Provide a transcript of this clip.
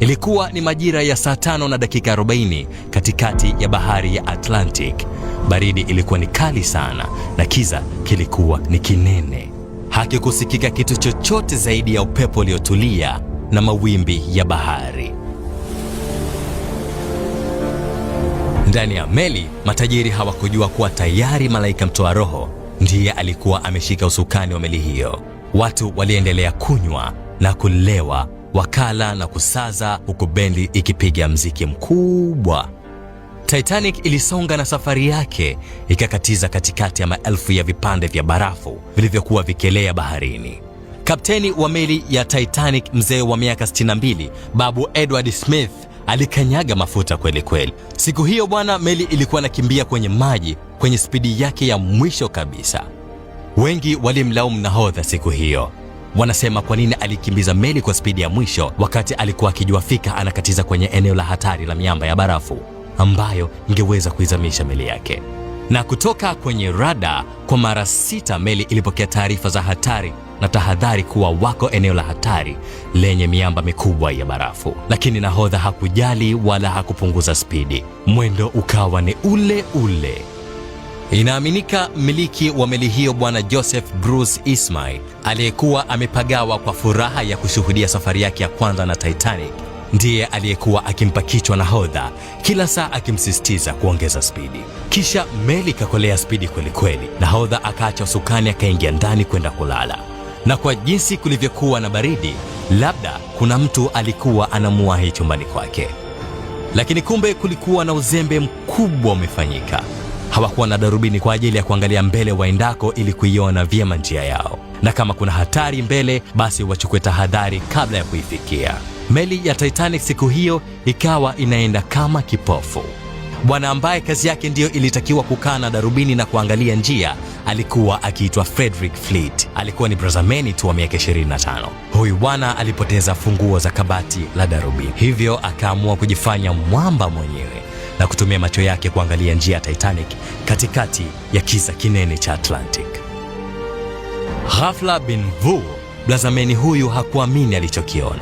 Ilikuwa ni majira ya saa tano na dakika 40 katikati ya bahari ya Atlantic. Baridi ilikuwa ni kali sana na kiza kilikuwa ni kinene. Hakikusikika kitu chochote zaidi ya upepo uliotulia na mawimbi ya bahari. Ndani ya meli, matajiri hawakujua kuwa tayari malaika mtoa roho ndiye alikuwa ameshika usukani wa meli hiyo. Watu waliendelea kunywa na kulewa wakala na kusaza, huku bendi ikipiga mziki mkubwa. Titanic ilisonga na safari yake ikakatiza katikati ya maelfu ya vipande vya barafu vilivyokuwa vikelea baharini. Kapteni wa meli ya Titanic, mzee wa miaka 62, Babu Edward Smith alikanyaga mafuta kweli kweli. Siku hiyo bwana, meli ilikuwa nakimbia kwenye maji kwenye spidi yake ya mwisho kabisa. Wengi walimlaumu nahodha siku hiyo. Wanasema kwa nini alikimbiza meli kwa spidi ya mwisho wakati alikuwa akijua fika anakatiza kwenye eneo la hatari la miamba ya barafu ambayo ingeweza kuizamisha meli yake. Na kutoka kwenye rada, kwa mara sita meli ilipokea taarifa za hatari na tahadhari kuwa wako eneo la hatari lenye miamba mikubwa ya barafu, lakini nahodha hakujali wala hakupunguza spidi. Mwendo ukawa ni ule ule. Inaaminika mmiliki wa meli hiyo Bwana Joseph Bruce Ismay aliyekuwa amepagawa kwa furaha ya kushuhudia safari yake ya kwanza na Titanic ndiye aliyekuwa akimpa kichwa nahodha kila saa akimsisitiza kuongeza spidi. Kisha meli ikakolea spidi kwelikweli, nahodha akaacha usukani akaingia ndani kwenda kulala. Na kwa jinsi kulivyokuwa na baridi, labda kuna mtu alikuwa anamuwahi chumbani kwake, lakini kumbe kulikuwa na uzembe mkubwa umefanyika. Hawakuwa na darubini kwa ajili ya kuangalia mbele waendako ili kuiona vyema njia yao, na kama kuna hatari mbele, basi wachukue tahadhari kabla ya kuifikia. Meli ya Titanic siku hiyo ikawa inaenda kama kipofu. Bwana ambaye kazi yake ndiyo ilitakiwa kukaa na darubini na kuangalia njia alikuwa akiitwa Frederick Fleet. Alikuwa ni brazameni tu wa miaka 25. Huyu bwana alipoteza funguo za kabati la darubini, hivyo akaamua kujifanya mwamba mwenyewe na kutumia macho yake kuangalia njia ya Titanic katikati ya kisa kinene cha Atlantic. Ghafla bin vu, blazameni huyu hakuamini alichokiona.